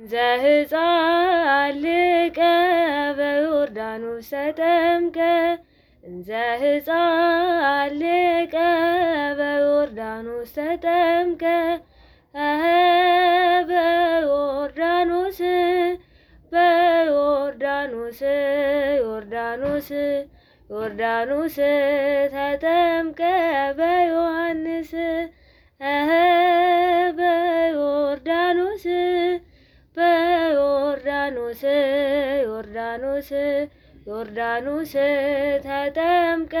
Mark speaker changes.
Speaker 1: እንዘ ህፃን ልቀ በዮርዳኖስ ተጠምቀ እንዘ ህፃን ልቀ በዮርዳኖስ ተጠምቀ በዮርዳኖስ በዮርዳኖስ ዮርዳኖስ ዮርዳኖስ ተጠምቀ በዮሐንስ በዮርዳኖስ በዮርዳኖስ ዮርዳኖስ ዮርዳኖስ ተጠምቀ